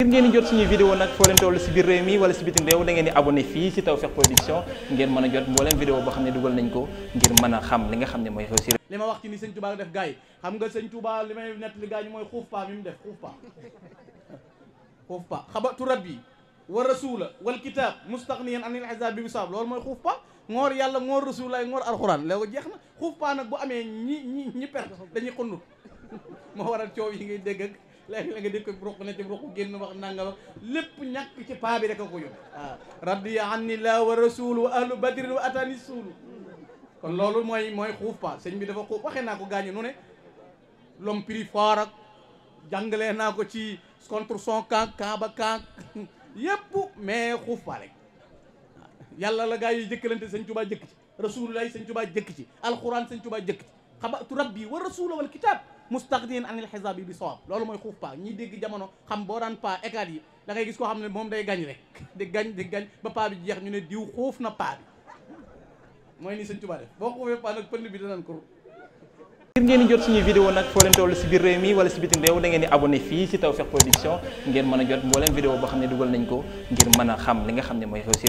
ngir ngeen di jot suñuy vidéo nag foo leen toll si biir réew mi wala si bitim réew da di abonné fii si Tawfekh Production ngeen mën a jot mbooleem vidéo boo xam ne dugal nañ ko ngir mën a xam li nga xam ne mooy xew si ma wax ci ni sëñ Touba def gars yi xam nga sëñ xuuf paa mi mu def xuuf paa xuuf paa xabatu rabbi wa rasula wal kitab mustaqniyan anil azab bi bisab loolu mooy xuuf paa ngoor yàlla ngoor rasulaay ngoor alxuraan léegi jeex na xuuf paa nag bu amee ñi ñi dañuy xonnut moo waral yi ngay dégg ak léegi la nga dégg ko ruq ne ci ruq génn wax nanga wax lépp ñàkk ci paa bi rek a ko yóbbu waaw ah. rabbi anni laa wa rasulu wa ahlu badrin wa atani suulu kon loolu mooy mooy xuuf paa sëñ bi dafa xuuf waxee naa ko gaañu nu ne l'homme prix naa ko ci contre son camp camp ba camp yépp mais xuuf paa rek yàlla la gaa yi jëkkalante sëñ Tuubaa jëkk ci rasulullah sëñ Tuubaa jëkk ci alquran sëñ Tuubaa jëkk ci xabaatu rabbi wa rasula wal kitab mustaxdiin anil xisaab yi bi sawab loolu mooy xuuf paa ñiy dégg jamono xam boo daan paa écart yi da ngay gis koo xam ne moom day gañ rek di gañ ba paa bi jeex ñu ne diw xuuf na paa bi mooy ni sëñ Tuubaa def boo xuufee paa nag pënd bi danañ ko ngir ngeen di jot suñu vidéo nag foo leen toll si biir réew mi wala si bitim réew da ngeen di Production ngeen mën a jot mbooleem vidéo boo xam ne dugal nañ ko ngir mën a xam li nga xam ne mooy réussir